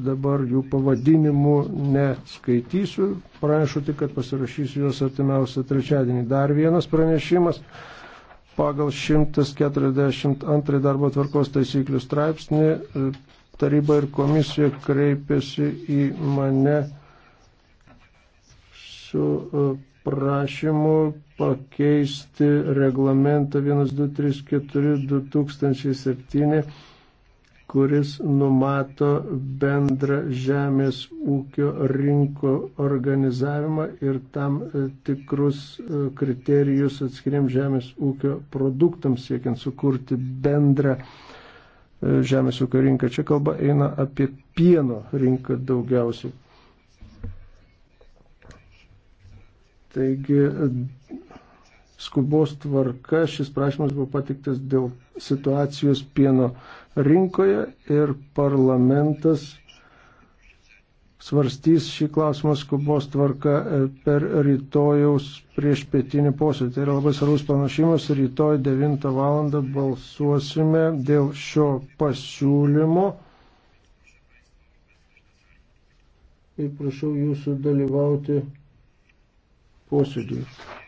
dabar jų pavadinimų neskaitysiu, pranešu tik, kad pasirašysiu juos artimiausią trečiadienį. Dar vienas pranešimas pagal 142 darbo tvarkos taisyklių straipsnį e, taryba ir komisija kreipėsi į mane su e, prašymu pakeisti reglamentą 1234 2007 kuris numato bendrą žemės ūkio rinko organizavimą ir tam e, tikrus e, kriterijus atskiriam žemės ūkio produktams siekiant sukurti bendrą e, žemės ūkio rinką. Čia kalba eina apie pieno rinką daugiausiai. Taigi skubos tvarka. Šis prašymas buvo patiktas dėl situacijos pieno rinkoje ir parlamentas svarstys šį klausimą skubos tvarka e, per rytojaus prieš pietinį posėdį. Tai yra labai svarbus panašymas. Rytoj 9 val. balsuosime dėl šio pasiūlymo. Ir prašau jūsų dalyvauti posėdėje.